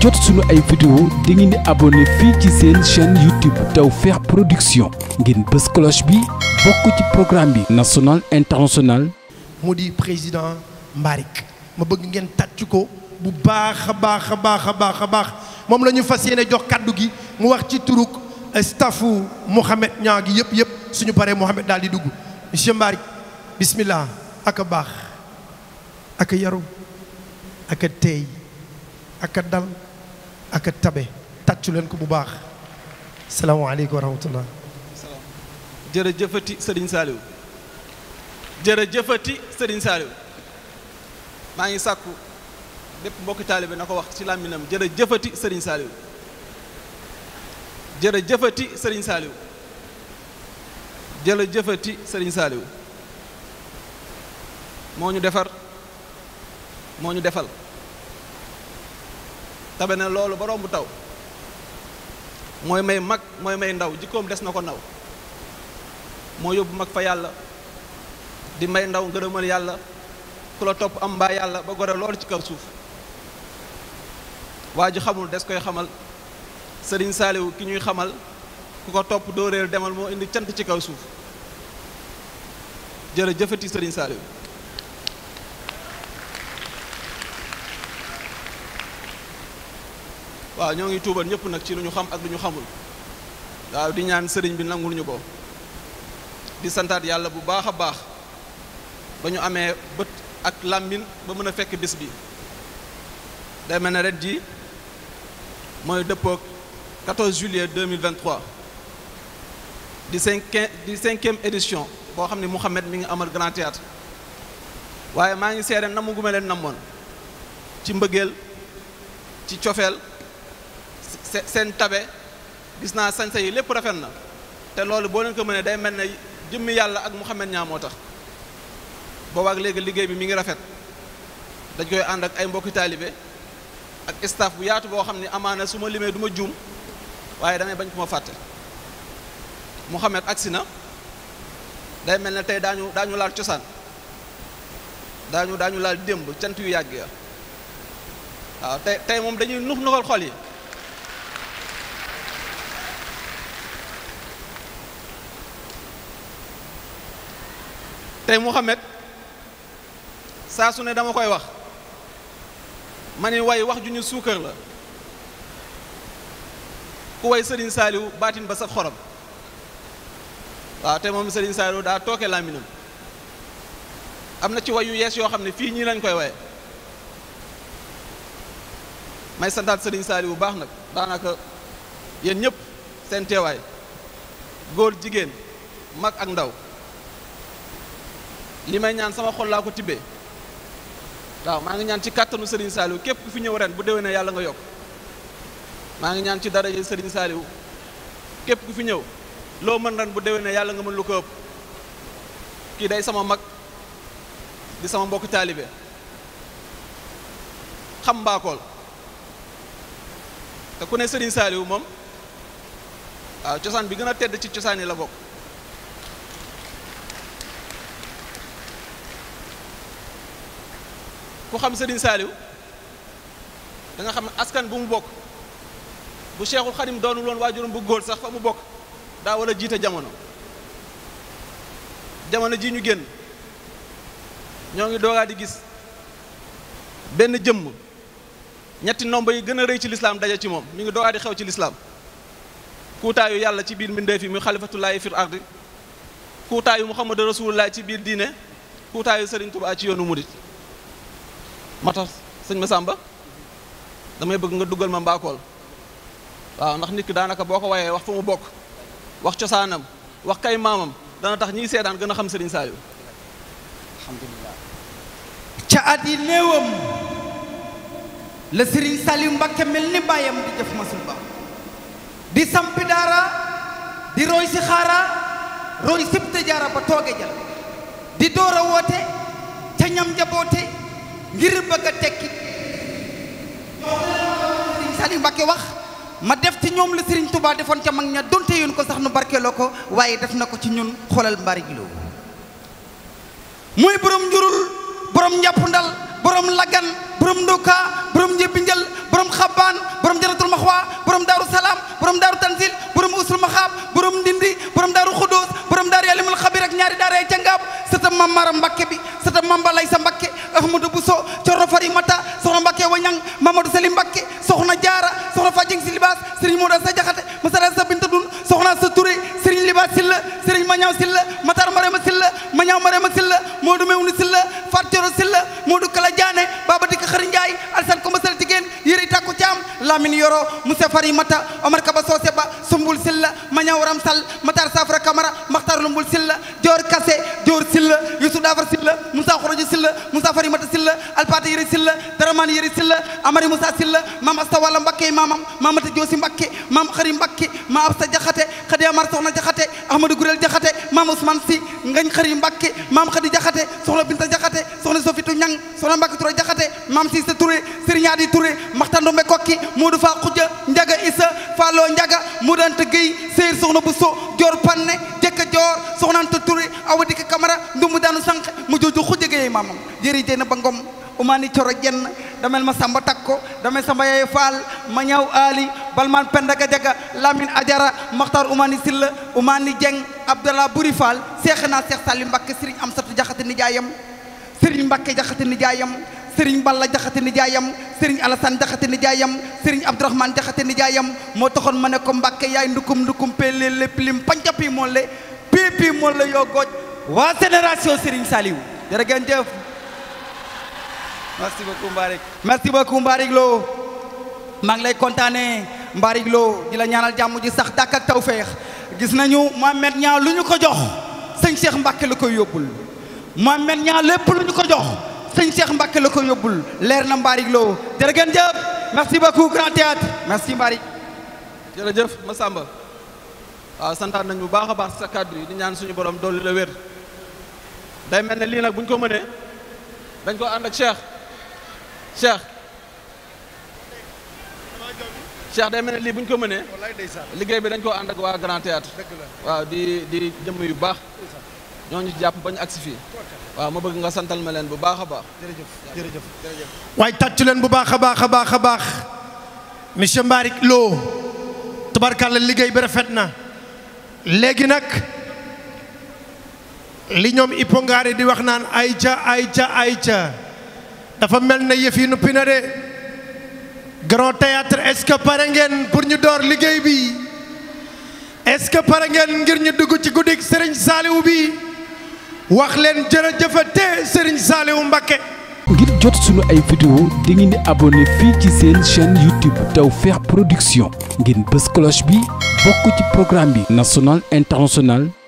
jot suñu ay vidéo da ngeen di abonné fii ci seen chaîne YouTube Tawfekh Production ngeen bës cloche bi bokk ci programme bi national international mu di président Mbarick ma bëgg ngeen tàcc ko bu baax a baax a baax a baax a baax moom lañu fas yéene jox kàddu gi mu wax ci turuk staffu Mouhamed ñaar gi yëpp yëpp suñu paree Mouhamed daal di dugg monsieur Mbarick bismillah ak a baax ak a yaru ak a dal ak tabe tàccu leen ko bu baax salaamaaleykum wa rahmatullah jërëjëfati sëriñ Saaliw jërëjëfati sëriñ Saaliw maa ngi sàkku bépp mbokki taalibe na ko wax ci làmminam jërëjëfati sëriñ Saaliw jërëjëfati sëriñ Saaliw jërëjëfati sëriñ Saaliw moo ñu defar moo ñu defal tabe na loolu ba romb taw mooy may mag mooy may ndaw jikkoom des na ko ndaw moo yóbbu mag fa yàlla di may ndaw ngërëmal yàlla ku la topp am mbaa yàlla ba gore loolu ci kaw suuf waa ji xamul des koy xamal sëriñ saaliwu ki ñuy xamal ku ko topp doo demal moo indi cant ci kaw suuf jërëjëfati sëriñ saaliwu waaw ñoo ngi tuubal ñëpp nag ci lu ñu xam ak lu ñu xamul waaw di ñaan sëriñ bi nangul ñu ko di santaat yàlla bu baax a baax ba ñu amee bët ak làmbin ba mën a fekk bis bi day mel ne ren ji mooy dëppook 14 juillet 2023 di cinqui di cinquième édition boo xam ne Mouhamed mi ngi amal grand théâtre waaye maa ngi seere namu gu ma leen namoon ci mbëggeel ci cofeel seen tabe gis naa sañse yi lépp rafet na te loolu boo leen ko mën mënee day mel ne jëmm yàlla ak Mouhamed ñaa moo tax boobaak léegi liggéey bi mi ngi rafet dañ koy ànd ak ay mbokki taalibe ak staff bu yaatu boo xam ne amaana su ma limee du juum waaye damay bañ ko ma fàtte Mouhamed agsi na day mel ne tey daañu daañu laal cosaan daañu daañu laal démb cant yu yàgg ya waaw tey tey moom dañuy nux nuxal xol yi tey Mouhamed saa su ne dama koy wax ma ne way wax ju ñu suukar la ku way Serigne Saliou baatin ba saf xorom waaw te moom Serigne Saliou daa tooke làmminam am na ci yu yees yoo xam ne fii ñii lañ koy waye may santaat Serigne Saliou bu baax nag daanaka yéen ñëpp seen teewaay góor jigéen mag ak ndaw li may ñaan sama xol laa ko tibbee waaw maa ngi ñaan ci kàttanu Serigne Saliou képp ku fi ñëw ren bu déwénee yàlla nga yokk maa ngi ñaan ci dara sëriñ Serigne képp ku fi ñëw loo mën ren bu déwénee yàlla nga mën lu ko ëpp kii day sama mag di sama mbokk taalibe xam mbaakool te ku ne Serigne Saliou moom waaw cosaan bi gën a tedd ci cosaan yi la bokk. ku xam Serigne Saliou da xam askan bu mu bokk bu Cheikhul Khadim doonul woon waajuram bu góor sax fa mu bokk daa war a jiite jamono jamono ji ñu génn ñoo ngi doogaa di gis benn jëmm ñetti nomba yi gën a rëy ci lislaam daje ci moom mi ngi doogaa di xew ci lislaam kuutaayu yàlla ci biir mbindeef yi muy xalifatullaahi fil ardi kuutaayu muhammadu rasulullah ci biir diine kuutaayu Serigne Touba ci yoonu murit moo tax ma sàmba damay bëgg nga dugal ma mbaakool waaw ndax nit ki daanaka boo ko wayee wax fu mu bokk wax cosaanam wax kay maamam dana tax ñiy seetaan gën a xam Serigne Saliou alhamdulilah ca at yi néewam la Serigne Saliou Mbacké mel ni bàyyam di jëf masul ba di sampi daara di roy si xaara roy sib jaara ba tooge jal di door a woote ca ñam jaboote ngir bëgg a tekki sëriñ wax ma def ci ñoom la sëriñ Touba defoon ca mag ña donte yoon ko sax nu barkeeloo ko waaye def na ko ci ñun xoolal mbari giloo mooy borom njurul borom njàppundal borom lagan borom ndoka borom njëbbinjal borom xabaan borom janatul maxwa borom daaru salaam borom daaru tanzil borom usul maxa ñaaw silla matar marema silla ma ñaaw marema silla moodu mewnu silla fartiro silla moodu kala jaane baba dikk xëriñ njaay alsan ko masal jigéen yëri tàkku caam lamin yoro musa fari mata omar kaba soose ba sumbul silla ma ñaaw ram sall matar safra kamara maxtar lumbul silla joor kase joor silla yusu dafar silla musa xorojo silla musa fari mata silla alpata yëri silla daraman yëri silla amari musa silla mam asta walla mbakke mamam mamata joosi mbakke mam xari mbakke ma absa jaxate xadi amar soxna jaxate ahmadou gurel jaxate man si ngañ xari Mbàkke maam Xadi Jaxate soxna Binta Jaxate soxna Sofitu Ñang soxna Mbàkke Touré Jaxate maam si sa Touré Sëriñ Adi Touré maxtandumbe kokki Moodu Faa Xuja Njaga Isa Falloo Njaga Moodu Anta Géy Seyir soxna Buso Joor Panne Jëkka Joor soxna Anta Touré Awa Dikk Kamara Ndumbu Daanu Sànq mu jooju Xuja Géy maamam jëri jëy ba ngom umaani coro jenn damel ma samba ko damel samba yaye faal ma ñaw ali balman pendaga jaga lamin ajara maxtar umani silla umani jeng abdallah buri faal seex naa seex sali mbakke sëriñ am satu jaxate nijaayam sëriñ mbakke jaxate nijaayam sëriñ balla jaxate nijaayam sëriñ alasan jaxate nijaayam sëriñ abdourahman jaxate nijaayam moo taxoon ma ne ko mbakke yaay ndukum ndukum pelle lépp lim pancapi moon le pipi moon yoo gooj waa génération sëriñ saliw merci beaucoup Mbarick merci beaucoup Mbarick Lo maa ngi lay kontaanee Mbarick Lo di la ñaanal jàmm ji sax dàkk ak tawféex gis nañu Mohamed ñaa lu ñu ko jox sëñ Cheikh Mbacke la koy yóbbul Mohamed Niang lépp lu ñu ko jox sëñ Cheikh Mbacke la koy yóbbul leer na Mbarick Lo jërëgën jëf merci beaucoup Grand Théâtre merci Mbarick jërëjëf Massamba waaw santaan nañ bu baax a baax sa kàddu yi di ñaan suñu borom dolli la wér day mel na lii nag bu ñu ko mënee dañ ko ànd ak Cheikh Cheikh day mel ne lii bu ñu ko mënee liggéey bi dañ koo ànd ak waa Grand Théâtre waaw di di jëmm yu baax ñooñu jàpp bañ agsi fii waaw ma bëgg nga santal ma leen bu baax a baax jërëjëf jërëjëf waaye tàccu leen bu baax a baax a baax a baax monsieur Mbarick Lo liggéey bi rafet na léegi nag li ñoom ipongaari di wax naan ayca ayca ayca dafa mel na yëf yi nuppi na de grand théâtre est-ce que pare ngeen pour ñu door liggéey bi est-ce que pare ngeen ngir ñu dugg ci guddik Serigne Saliou bi wax leen te Serigne Saliou Mbacké ngir jot sunu ay vidéo di ngeen di fii ci seen chaîne YouTube feex Production ngeen bës cloche bi bokk ci programme bi national international